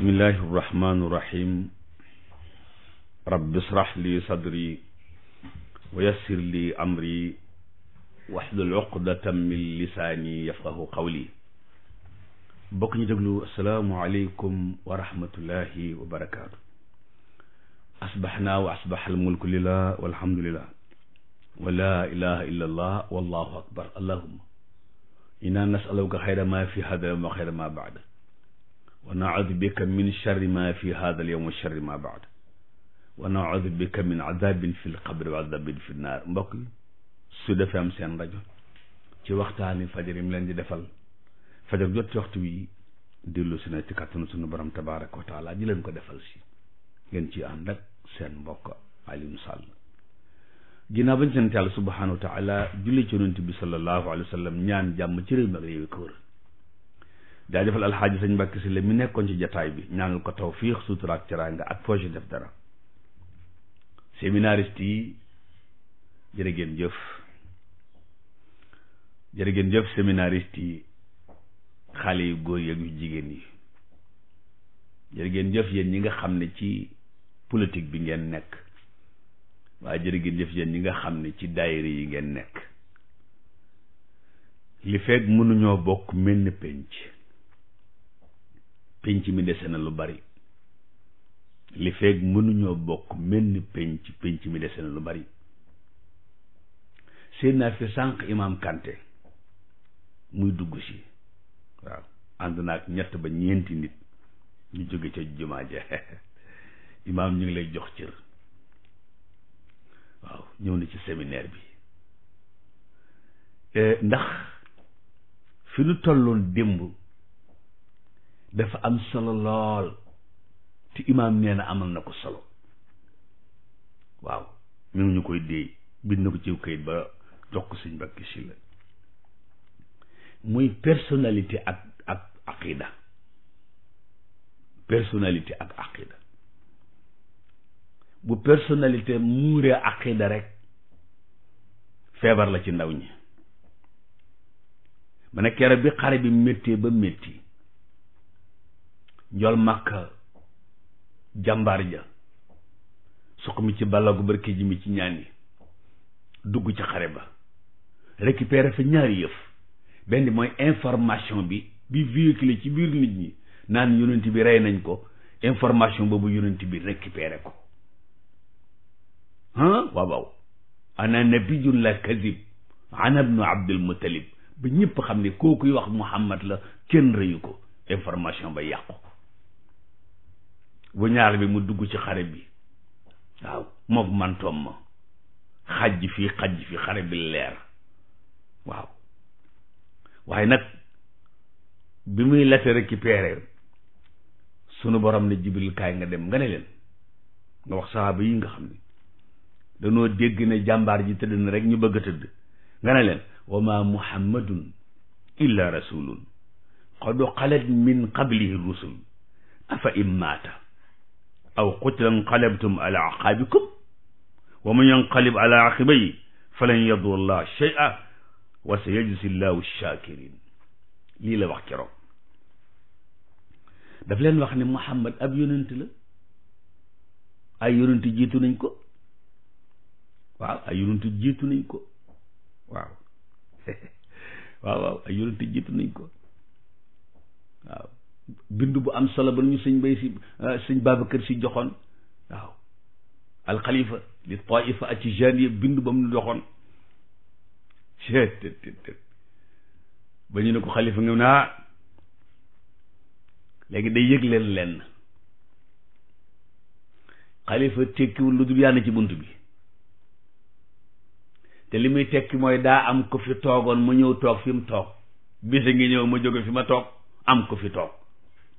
bismillahi irrahmani irrahim rabbi israh li sadri wa yassir li amri waxlul uqdatan min lisaani yafqahu qawli bokk ñu déglu asalaamualeykum wa rahmatullahi wa barakaatu asbaxnaa wa asbax almulku lillah walhamdulillah wa laa ilaha illa allah wallahu akbar allahuma inna nasaluka xayra ma fi hada wa xayra ma baada wa naudu bika min charri ma fi hada al yowm wa charri ma baad wa naudu bika min adabin fi lqabri wa adabin fi nnaar mbokk yi su defee am seen rajo ci waxtaani fajar yi mu leen di defal fajar jot ci waxtu wi dellu si na ci kàttanu sunu borom tabaraka wa taala di leen ko defal si ngeen ci ànd ak seen mbokk Alioune Sall ginnaaw bañ sant yàlla subhanahu wa taala julli ci yonent bi sallallahu alayhi wa sallam ñaan jàmm ci réew mi ak réewi ko wër jaajëfal alxaaji sëñ Mbàkke Sylla mu nekkoon ci jataay bi ñaanal ko tawfiix sutura ak teraanga ak foo ci def dara séminariste yi jërë ngeen jëf jërë ngeen jëf séminariste yi xale yu góor yu jigéen yi jërë ngeen jëf yéen ñi nga xam ne ci politique bi ngeen nekk waaye jërë ngeen jëf yéen ñi nga xam ne ci daayira yi ngeen nekk li fekk mënuñoo bokk mel ni penc penc mi dese na lu bari li feeg mënuñoo bokk menn penc penc mi dese na lu bari seen naa fi sànq imaam Kanté muy dugg si waaw ànd naag ñett ba ñeenti nit ñu jóge ca jumaa ja imaam ñu ngi lay jox cër waaw ñëw na ci séminaire bi eh, ndax fi nu tolloon démb dafa am solo lool te imaam nee na amal na ko solo waaw ñu ngi ñu koy déey bind na ko ci kayit ba jox ko sëñ Mbàkke Sylla muy personnalité ak ak aqida personnalité ak aqida bu personnalité muuree aqida rek feebar la ci ndaw ñi ma ne kere bi xare bi méttee ba métti njool màkka jàmbaar ja suq mi ci bàllagu barke ji mi ci ñaani dugg ci xare ba récupérer fa ñaari yëf benn mooy information bi bi véhiculé ci biir nit ñi naan yonent bi rey nañ ko information boobu yonent bi récupéré ko ah waaw waaw ana nabiyun la kadib ana ibnu abdul muttalib ba ñëpp xam ne kookuy wax muhammad la kenn rëyu ko information ba yàqu bu ñaar bi mu dugg ci xare bi waaw mook mantoom ma xajj fii xajj fii xare bi leer waaw waaye nag bi muy late récupéré sunu borom ne jibril kaay nga dem nga ne leen nga wax sahaaba yi nga xam ne danoo dégg ne jàmbaar ji tëdd na rek ñu bëgg a tëdd nga ne leen wa ma muhammadun illa rasulun qad xalat min qablihi rusul afa immaata aw qutilan qalabtum ala aqaabikum wa man yanqalib ala aqibayhi falan yadur allah shay'a wa sa yajzi llahu shakirin lii la wax keroog daf leen wax ne Muhammad ab yonent la ay yonent jiitu nañ ko waaw ay yonent jiitu nañ ko waaw waaw waaw ay yonent jiitu nañ ko waaw bind bu am solo ba ñu sëñ bay si euh, sëñ Babacar si joxoon waaw alxalifa li taifa ak ci janie bind ba mu nu joxoon ba ñu ne ko xalifa nga naa ah, léegi day yëg leen lenn xalifa tekkiwul lu dul yàlla ci bunt bi te li muy tekki mooy daa am ko fi toogoon ma ñëw toog fi mu toog bisa ngi ñëw ma jóge fi ma toog am ko fi toog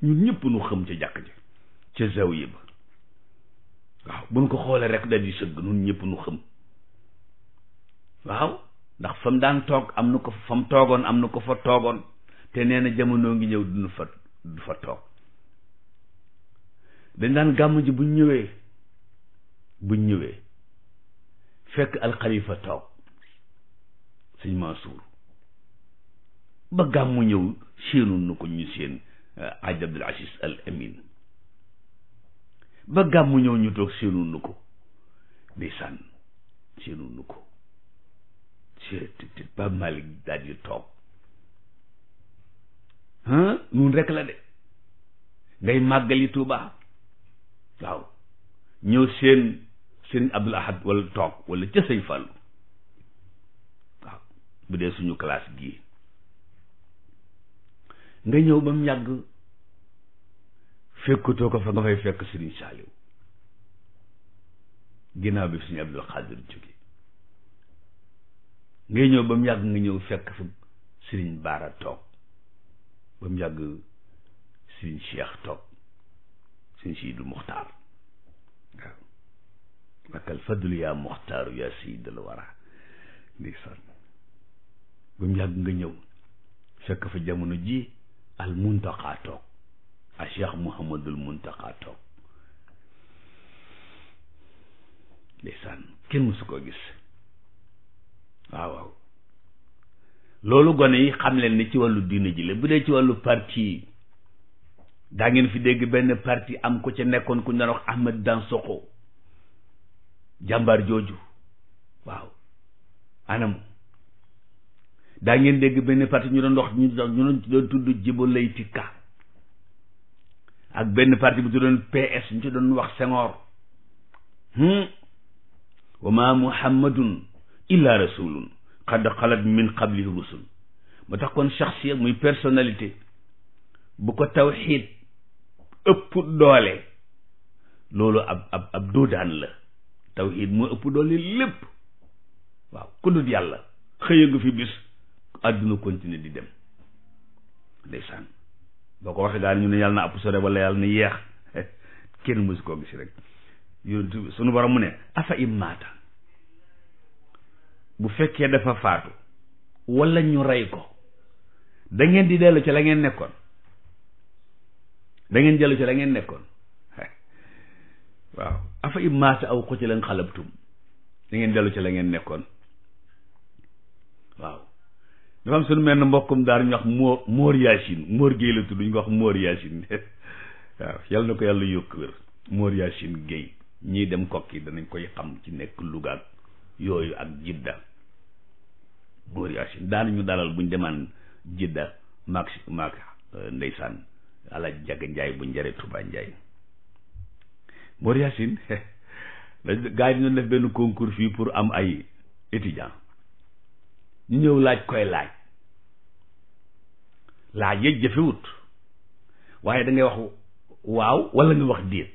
ñun ñëpp nu xam ca jàkk ji ca zawiya ba waaw buñ ko xoolee rek da di sëgg nun ñëpp nu xam waaw ndax fam daan toog am na ko fam toogoon am na ko fa toogoon te nee na jamono ngi ñëw duñu fa du fa toog dañ daan gàmm ji buñ ñëwee buñ ñëwee fekk alxalifa toog sëñ Mansour ba gàmmu ñëw séenu nu ko ñu seen Eh, aj Abdul Aziz Al Amin ba gàmmu ñëw ñu toog seenu nu ko ndeysaan seenu nu ko ba Malick daal di toog nun rek la de ngay màggali Tuuba waaw ñëw seen seen Abdul Ahad wala toog wala ca sëñ waaw bu dee suñu classe gii nga ñëw ba mu yàgg fekkutoo ko fa nga fay fekk Sëriñ Saaliw ginnaaw bi suñu Abdul Xaadir jóge ngay ñëw ba mu yàgg nga ñëw fekk fa Sëriñ Baara toog ba mu yàgg Sëriñ Cheikh toog Sëriñ Siidu Muxtaar waaw lakal fadlu yaa Muxtaaru yaa Sayyidal Wara ba mu yàgg nga ñëw fekk fa jamono ji al toog a cheikh mouhamadul muntaqa toog ndeysaan kenn mësu ko gis waaw waaw loolu gone yi xam leen ni ci wàllu diine ji la bu dee ci wàllu parti daa ngeen fi dégg benn parti am ko ca nekkoon ku ñu wax Ahmed Dansokho jàmbaar jooju waaw anam daa ngeen dégg benn parti ñu doon wax ñu doon tudd Djibo Leyti Ka ak benn parti bu tuddoon PS ñu ci doon wax Senghor hmm? wa ma muhammadun illa rasulun qad xalat min qablihi rusul ma tax kon shaxsiya muy personnalité bu ko tawxiid ëpp doole loolu ab ab ab doodaan la tawxiid moo ëpp doole lépp waaw ku dut yàlla xëya nga fi bis àdduna continuer di dem boo ko waxee daal ñu ne yàlla na àpp sore wala yàlla na yeex kenn mësu koo gis rek yonent sunu borom mu ne afa immaata bu fekkee dafa faatu walla ñu rey ko da ngeen di dellu ci la ngeen nekkoon da ngeen dellu ci la ngeen nekkoon waaw afa immaata aw xuti lan xalabtum da ngeen dellu ci la ngeen nekkoon dafa am suñu mel ne mbokkum daar ñu wax Mor Mor Yacine Mor la tudd ñu ko wax Mor Yacine waaw yal na ko yàlla yokk wér Mor Yacine Guèye ñii dem kokki danañ koy xam ci nekk Louga yooyu ak Jidda Mor ñu dalal buñ demaan Jidda maak maak euh, ndeysaan ala jaga njaay bu njare Touba Njaay Mor Yacine gaa yi ñu def benn concours fii pour am ay étudiants ñu ñëw laaj koy laaj laaj yëj jafewut waaye dangay wax waaw walla nga wax déet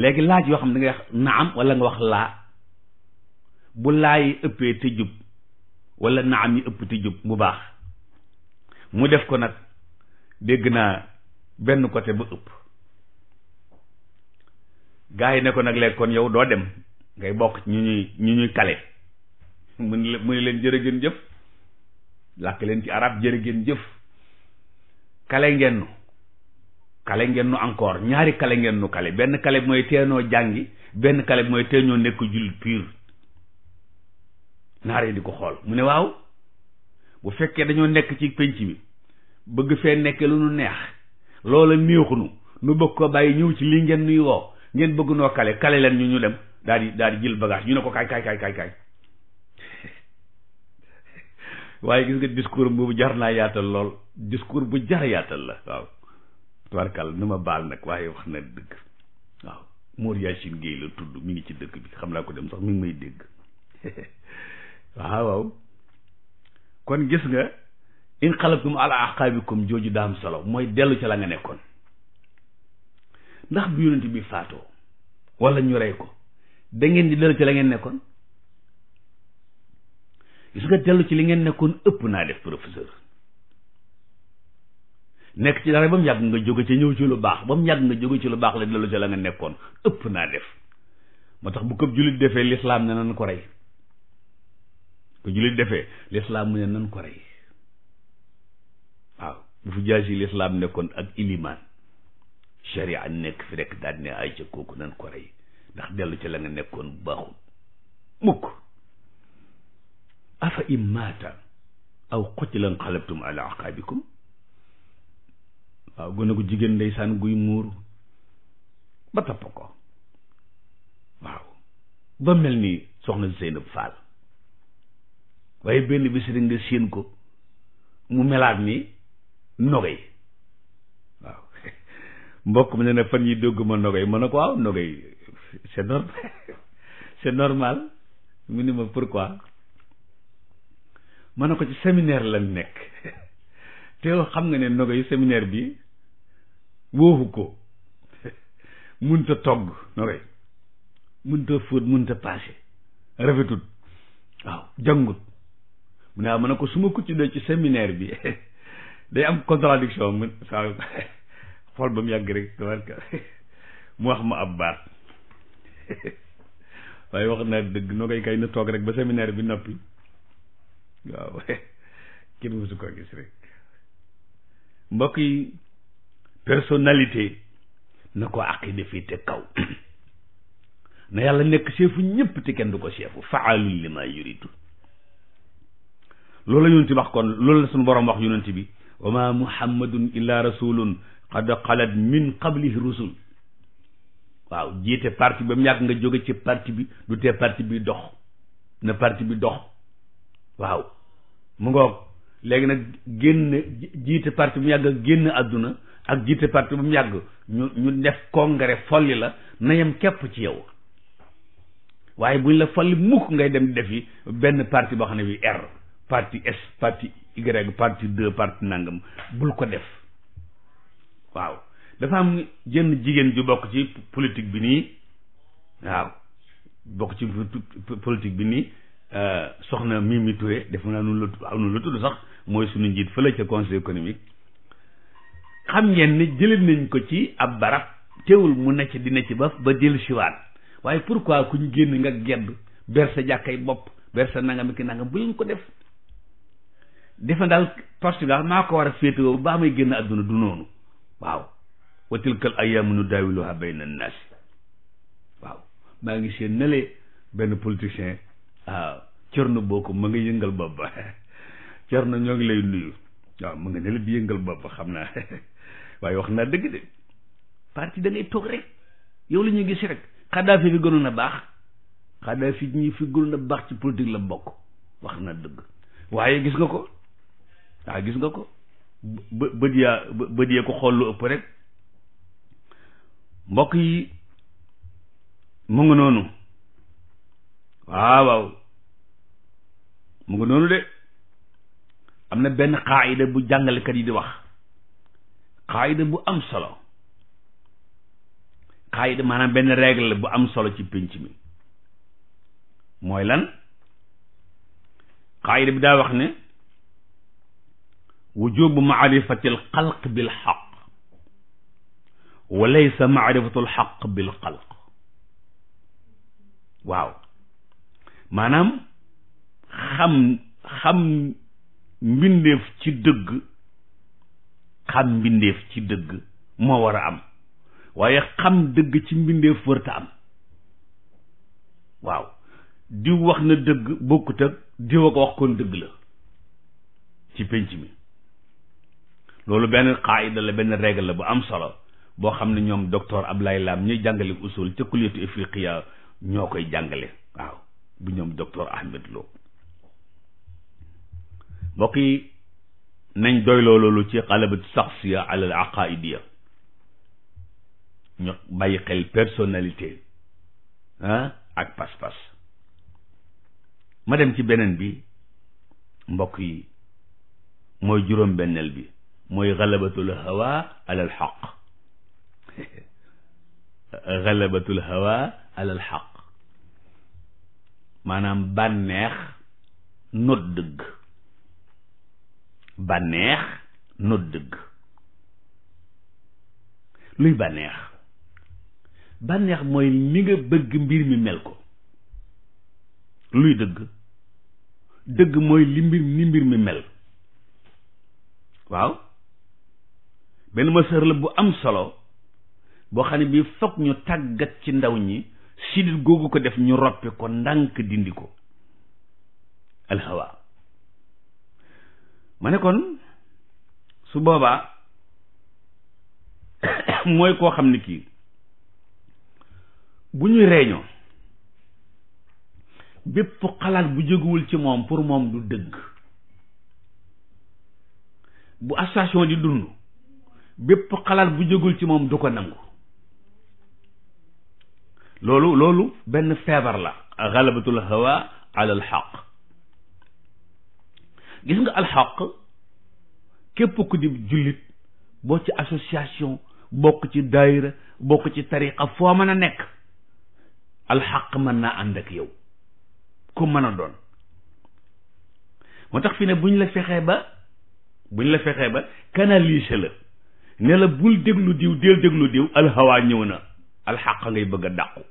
léegi laaj yoo xam ne da ngay wax naam nga wax laa bu laa yi ëppee te jub wala naam yi ëpp te jub bu baax mu def ko nag dégg naa benn côté ba ëpp gars yi ne ko nag lekkoon yow doo dem ngay bokk ñu ñuy ñu ñuy kale mu ne mu ne leen jërë ngeen jëf làkk leen ci arab jërë ngeen jëf kale ngeen nu kale ngeen nu encore ñaari kale ngeen nu kale benn kale bi mooy teenoo jàngi benn kale bi mooy teenoo nekk jullit pur naare di ko xool mu ne waaw bu fekkee dañoo nekk ci pénc bi bëgg fee nekk lu nu neex loola néexunu nu bëgg ko bàyyi ñëw ci lii ngeen nuy woo ngeen bëgg noo kale kale leen ñu ñu dem daa di daal di jël bagage ñu ne ko kaay kaay kaay kaay kaay waaye gis nga discours boobu jar naa yaatal lool discours bu jar yaatal la waaw tubarkal nu ma baal nag waaye wax na dëgg waaw Mor Yacine Gueye la tudd mi ngi ci dëkk bi xam naa ko dem sax mu ngi may dégg waaw waaw kon gis nga in xalabtum ala aqaabikum jooju daam solo mooy dellu ci la nga nekkoon ndax bu yonent bi faatoo wala ñu rey ko da ngeen di dellu ca la ngeen nekkoon gis nga dellu ci li ngeen nekkoon ëpp naa def professeur nekk ci dara ba mu yàgg nga jóge ci ñëw ci lu baax ba mu yàgg nga jóge ci lu baax la dellu ci la nga nekkoon ëpp naa def moo tax bu këpp jullit defee lislaam ne nan ko rey bu jullit defee lislaam mu ne nan ko rey waaw bu fi jaasi lislaam nekkoon ak ilimaan sharia nekk fi rek daal ne ay ca kooku nan ko rey ndax dellu ci la nga nekkoon bu baaxul mukk afa in maata aw qutilan xalabtum ala aqaabikum waaw gone gu jigéen ndeysaan guy muur ba topp ko waaw ba mel ni soxna Zeynab Fall waaye benn bis rek nga séen ko mu melaat ni nogay waaw mbokk mi ne ne fan yi dégg ma nogay ma ko waaw nogay c'est normal c'est normal mu ni ma pourquoi ma ne ko ci séminaire lañ nekk te xam nga ne ndogo yi séminaire bi wóofu ko munta togg ndogo yi munta fóot munta paase rafetut waaw jàngut mu ne ma ne ko su ma continué ci séminaire bi day am contradiction mu saa xool ba mu yàgg rek tabarka mu wax ma ab baat waaye wax na dëgg noo kay na toog rek ba séminaire bi noppi waaw kenn mësu ko gis rek mbokk yi na ko aqida fii te kaw na yàlla nekk chefu ñëpp te kenn du ko chefu faalun li ma loolu la yonent wax kon loolu la suñu borom wax yonent bi wa ma muhammadun illa rasulun qad xalat min qablihi rusul waaw jiite parti ba mu yàgg nga jóge ci parti bi du te parti bi dox na parti bi dox waaw mu ngoog léegi nag génn jiite parti bu mu yàgg ak génn àdduna ak jiite parti bu mu yàgg ñu ñu def congrès folli la na yam képp ci yow waaye buñ la folli mukk ngay dem yi benn parti boo xam ne bi R parti S parti Y parti deux parti nangam bul ko def waaw dafa am jënn jigéen ju bokk ci politique bi nii waaw bokk ci politique bi nii Euh, soxna mi Touré def naa nu la am tudd sax mooy suñu njiit fële ca conseil économique xam ngeen ni jëlee nañ ko ci ab barab teewul mu nekk di necc ba ba jël siwaat waaye pourquoi ku ñu génn nga gedd ber sa jàkkay bopp ber sa nangam ki nangam bu leen ko def defe daal Portugal maa ko war a féetewoo baa may génn àdduna du noonu waaaaw wa tilkal ayyaamu nudaawiluhaa bayna n-naas waaw maa ngi seen nalee benn politicien waaw ah, boo ko ma nga yëngal bopp ba na ñoo ngi lay nuyu waaw ah, ma nga ne la yëngal bopp xam naa waaye wax naa dëgg de parti da toog rek yow la ñuy gis rek xadaafi fi gënoon na baax xadaafi ñu fi gënoon a baax ci politique la bokk wax na dëgg waaye gis nga ko waaw ah, gis nga ko bë bët yaa bët yaa ko xool lu ëpp rek mbokk yi mu ngi noonu waaw waaw mu ngi noonu de am na benn xaayida bu jàngalekat yi di wax xaayida bu am solo xaayida maanaam benn règle bu am solo ci pénc mi mooy lan xaayida bi daa wax ne wujubu maarifati al xalq bil xaq wa laysa maarifatu al xaq bil waaw maanaam xam xam mbindeef ci dëgg xam mbindeef ci dëgg moo war a am waaye xam dëgg ci mbindeef wërta am waaw diw wax na dëgg bokkut ak diw a ko wax kon dëgg la ci pénc mi loolu benn xaayida la benn règle la bu am solo boo xam ne ñoom docteur Ablaye Lam ñuy jàngale usul ca kuliyatu ifriqiya ñoo koy jàngale waaw bu ñoom docteur Ahmed Lo mbokk yi nañ doyloo loolu ci xalabat saxsiya ala al aqaidiya ñu bàyyi xel personnalité ah ak pas-pas ma ci beneen bi mbokk yi mooy juróom-benneel bi mooy xalabatul hawa ala al xaq xalabatul hawa ala al xaq maanaam bànneex not dëgg bànneex not dëgg luy bànneex bànneex mooy li nga bëgg mbir mi mel ko luy dëgg dëgg mooy li mbir ni mbir mi mel waaw benn ma sër la bu am solo boo xam ne bii foog ñu tàggat ci ndaw ñi sidit googu ko def ñu roppi ko ndànk dindi ko alhawa ma ne kon su boobaa mooy koo xam ne kii bu ñuy réunion bépp xalaat bu jógewul ci moom pour moom du dëgg bu association di dund bépp xalaat bu jógul ci moom du ko nangu loolu loolu benn feebar la xalabatul hawa ala alxaq gis nga alxaq képp ku di jullit boo ci association bokk ci daayira bokk ci tariqa foo mën a nekk alxaq mën naa ànd ak yow ku mën a doon moo tax fi ne buñ la fexee ba buñ la fexee ba canaliser la ne la bul déglu diw del déglu diw alxawaa ñëw na alxaq ngay bëgg a dàqu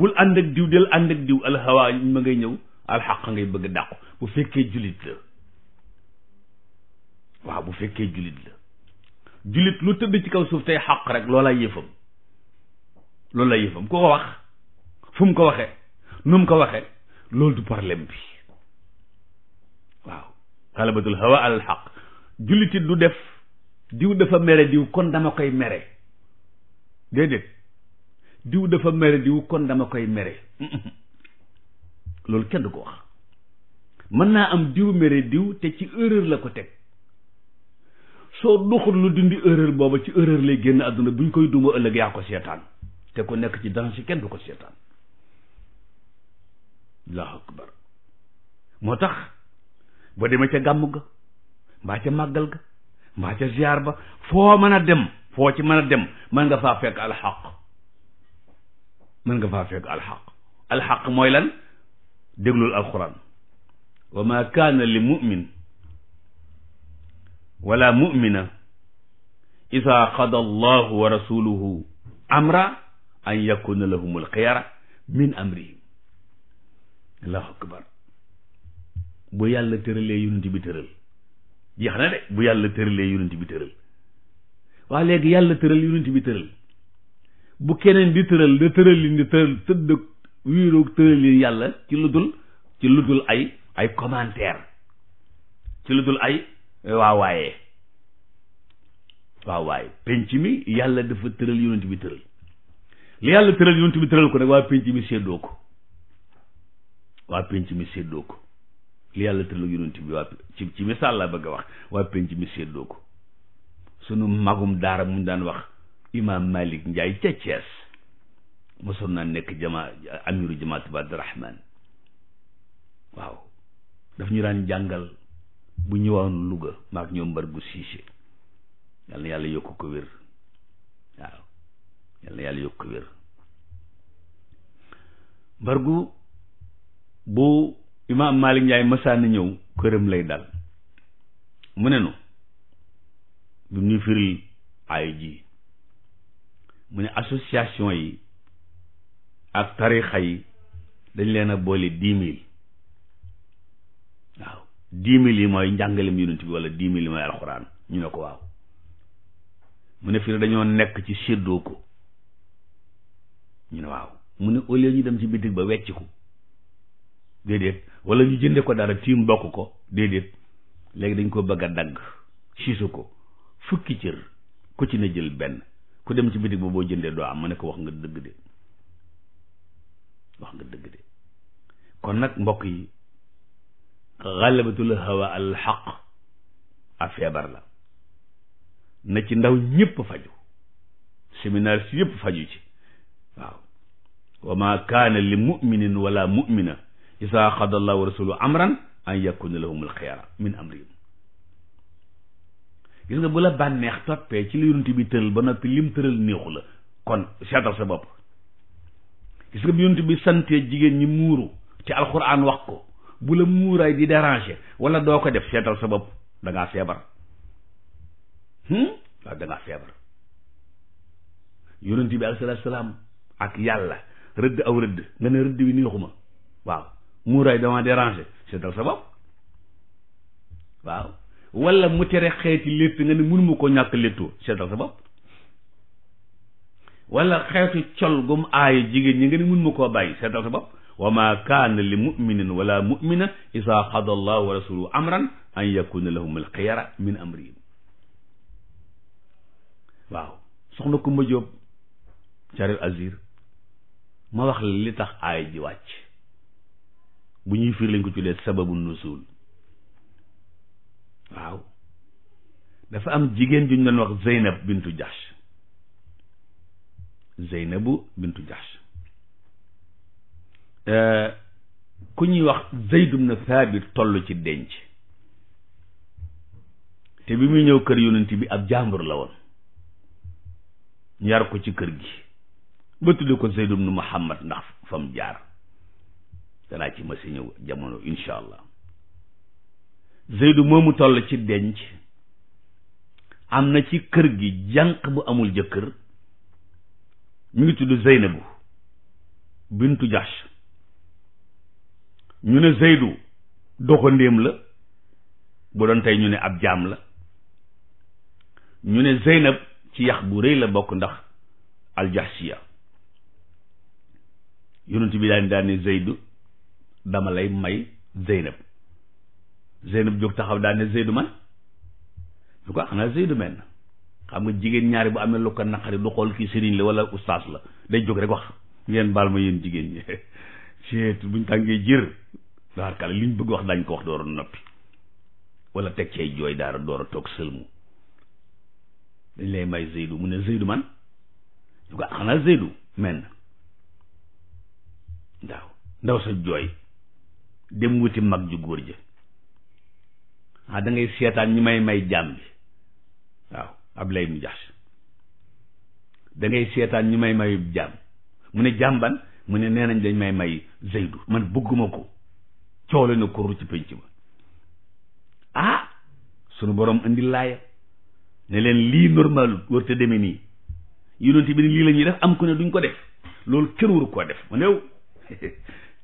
bul ànd ak diw del ànd ak diw alxawaa ma ngay ñëw alxaq ngay bëgg a dàqu bu fekkee jullit la waaw bu fekkee jullit la jullit lu tëdd ci kaw suuf tey xaq rek loolaa yëfam loolu la yëfam ku wax fu mu ko waxee nu mu ko waxee loolu du problème bi waaw xalabatul hawa alal jullitit du def diw dafa mere diw kon dama koy mere déedéet diw dafa mere diw kon dama koy mere loolu kenn du ko wax mën naa am diw mere diw te ci erreur la ko teg soo doxul lu dindi erreur booba ci erreur lay génn àdduna buñ koy duma ëllëg yaa ko seetaan te ko nekk ci danger kenn du ko seetaan allahu akbar moo tax boo demee ca gàmm ga mbaa ca màggal ga mbaa ca ziar ba foo mën a dem foo ci mën a dem mën nga faa fekk alxaq mën nga faa fekk alxaq alxaq mooy lan déglul alquran wa ma kaana li mumin wala mumina ida qada allahu wa rasuluhu amra an yakuna lahum alxiyara min amrihim allahu akbar bu yàlla tëralee yonent bi tëral jeex na de bu yàlla tëralee yonent bi tëral waa léegi yàlla tëral yonent bi tëral bu keneen di tëral da tëral li di tëral tëdd wiiroog tëral yi yàlla ci lu ci lu dul ay ay commentaire ci lu ay eh, waawaaye waaw waaye penc mi yàlla dafa tëral yonent bi tëral li yàlla tëral yonent bi tëral ko nag waa penc mi séddoo ko waa penc mi séddoo ko li yàlla tëral yonent bi waa ci ci misaal laa bëgg a wax waa penc mi séddoo ko sunu magum daara mu daan wax imaam Malik Njaay ca Cees mosoon naa nekk jama amiru jamaat Ibaadu Rahmaan waaw daf ñu daan jàngal bu ñëwoon Louga maak ñoom mbar gu siise yal na yal na yàlla yokk ko bu imaam Malik Njaay masaan na ñëw këram lay dal mu ne nu bi mu ñu firil ay ji mu ne association yi ak tarixa yi dañ leen a boole dix mille waaw dix mille yi mooy njàngalem yonent bi wala dix mille yi mooy alxuraan ñu ne ko waaw mu ne fii dañoo nekk ci séddoo ko ñu ne waaw mu ne au lieu ñu dem ci bitig ba wecc ko déedéet wala ñu jënde ko dara tiim bokk ko déedéet léegi dañ ko bëgg a dagg siisu ko fukki cër ku ci ne jël benn ku dem ci bitig ba boo jëndee doo am ma ne ko wax nga dëgg de wax nga dëgg de kon nag mbokk yi xalabatul hawa al xaq a feebar la na ci ndaw ñëpp faju séminaire si yëpp faju ci waaw wa ma kaana li muminin wala mumina isaa xada allahu wa rasulu amran an yakuna lahum alxiyara min amrihim gis nga bu la bànneex toppee ci li yonent bi tëral ba noppi lim tëral néexu la kon seetal sa bopp gis nga bi yonent bi santee jigéen ñi muuru ci alxuraan wax ko bu la muuraay di déranger wala doo ko def seetal sa bopp da ngaa feebar hmm? waaw da feebar yonent bi alayhi salaam ak yàlla rëdd aw rëdd nga ne rëdd wi néexuma waaw muuraay dama déranger seetal sa bopp waaw wala mu tere xeeti létt nga ne mënuma ko ñàkk léttu seetal sa bopp wala xeetu col gum aayu jigéen ñi nga ne mënuma koo bàyyi seetal sa bopp wa ma kaana li muminin wala mumina isa xada allahu wa rasuluhu amran an yakuna lahum alxiyara min amrihim waaw soxna Kumba Jóob caril azir ma wax la li tax aay ji wàcc bu ñuy fiir lañ ko tuddee sababu nusul waaw dafa am jigéen ju ñu doon wax Zeynab bintu Jahsh Zeynabu bintu Jahsh ku ñuy wax Zeyd ibn Thabit toll ci denc te bi muy ñëw kër yonent bi ab jàmbur la woon ñu yar ko ci kër gi ba tudd ko Zeyd ibn Muhammad ndax fam jaar danaa ci ma si ñëw jamono incha Zeydu moomu toll ci denc am na ci kër gi jànq bu amul jëkkër ñu ngi tudd Zeynabu bintu Jahsh ñu ne Zeydu doxandéem la bu doon tey ñu ne ab jaam la ñu ne Zeynab ci yax bu rëy la bokk ndax aljahsiya yonent bi daan daan ne Zeydu dama lay may Zeynab Zeynab jóg taxaw daal ne Zeydu man lu ko xanaa Zeydu men xam nga jigéen ñaari bu amee lu ko naqari du xool kii sëriñ la wala ustaas la day jóg rek wax ngeen baal ma yéen jigéen ñi seet buñ tàngee jër daar wax dañ ko wax door a noppi wala teg cay jooy daara door may Zeydu mu ne Zeydu man lu ko xanaa ndaw ndaw sa jooy dem wuti mag ju góor ja waa ah, dangay ngay seetaan ñu may may jaam bi waaw Ablaye mu jax da seetaan ñu may mayu jaam mu ne jaam ban mu ne nee nañ dañ may may Zeydu man bëgguma ko coow la na ko ci pénc ma ah sunu borom indi laaya ne leen lii normal war te nii yonent bi lii la ñuy def am ku ne duñ ko def loolu kër waru koo def ma néew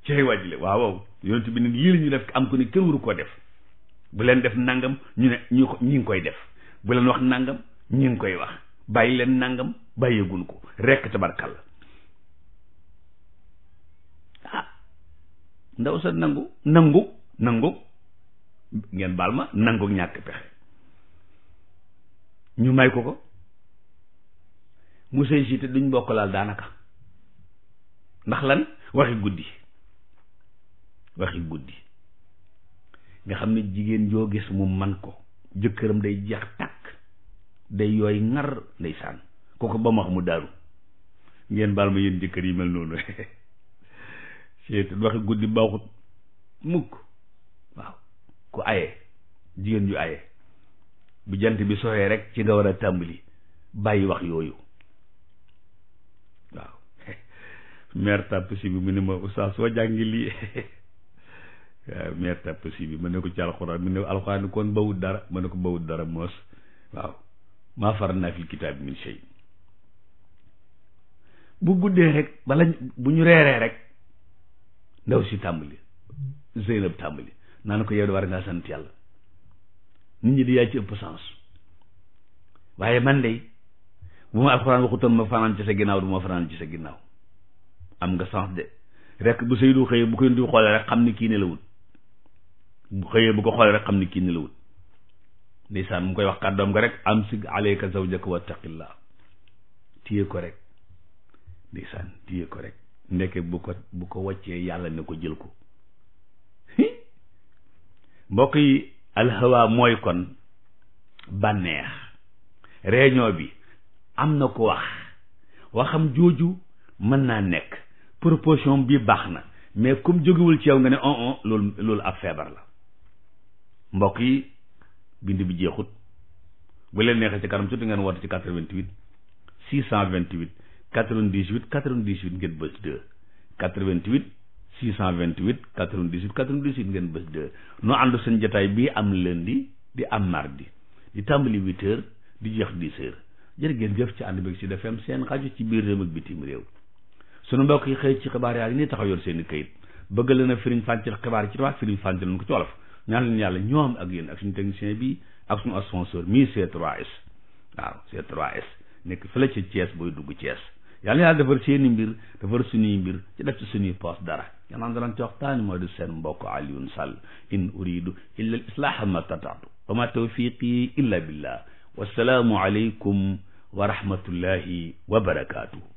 ceey wàjjile waaw waaw yonent bi lii la ñuy def am ku ne kër waru koo def bu leen def nangam ñu ne ñu ñi ngi koy def bu leen wax nangam ñu ngi koy wax bàyyi leen nangam bàyyeegun ko rekk tabarkal ah ndaw sa nangu nangu nangu ngeen baal ma nangu ñàkk pexe ñu may ko ko mu sëy si te duñ bokk laal daanaka ndax lan waxi guddi waxi guddi nga xam ne jigéen joo gis mu man ko jëkkëram day jeex tàkk day yooy ngar ndeysaan kooku ba mu wax mu daaru ngeen baal ma yéen jëkkër yi mel noonu seet waxe guddi baaxut mukk waaw ku aye jigéen ju aye bu jant bi soxee rek ci nga war a tàmbali bàyyi wax yooyu waaw mère tàpp si bi mu ne ma oustaz soo jàngi lii waaw eh, meer tàpp si bi mën ne ko ci alxuraan mu ne alxuraan kon bawut dara mën ne ko bawut dara moos waaw maa far naa fi kitaab min shay bu guddee rek bala bu ñu reeree rek ndew si tàmbali Zeynab tàmbali naa ne ko yow war ngaa sant yàlla nit ñi di yaay ci ëpp sens waaye man de bu ma alxuraan waxutoon ma fanaan ci sa ginnaaw du fanaan ci sa ginnaaw am nga sens de rek bu Seydou xëy bu ko di xoolee rek xam ne kii ne la bu xëyee bu ko xoolee rek xam ni kii nelawul ndeysaan mu koy wax kàddoom nga rek amsik alayka zawjaka wattaqillah téye ko rek ndeysaan ko rek ndeke bu ko bu ko waccee yàlla ne ko jël ko mbokk yi alhawa mooy kon bànneex réunion bi am na ko wax waxam jooju mën naa nekk proposition bi baax na mais comme jógewul ci yow nga ne on oh, on oh, loolu loolu ab feebar la mbokk yi bind bi jeexut bu leen neexee ci kanam surtout ngeen woote ci 88 628 98 98 ngeen bës 2 88 628 98 98 ngeen bës 2 nu ànd seen jataay bii am lundi di am mardi di tàmbali 8 di jeex di heures jërë ngeen jëf ci ànd beeg si defem seen rajo ci biir réew ak bitim réew sunu mbokk yi xëy ci xibaar yaa ngi nii taxaw yor seen i kayit bëgg leen a firiñ fàncal xibaar ci tubaab firiñ fàncal ko ci wolof ñaan leen yàlla ñoo ak yéen ak suñu technicien bi ak suñu sponsor mii C3S waaw C3S nekk fële ca Thiès booy dugg Thiès yàlla yàlla defar seeni mbir defar suñuy mbir ci def ci suñuy poos dara yanaan dalan ci waxtaani mooy du seen mbokk Alioune Sall in uridu illa al islaha ma tataatu wa ma tawfiqi illa billah wassalaamu aleykum wa rahmatullahi wa barakaatuhu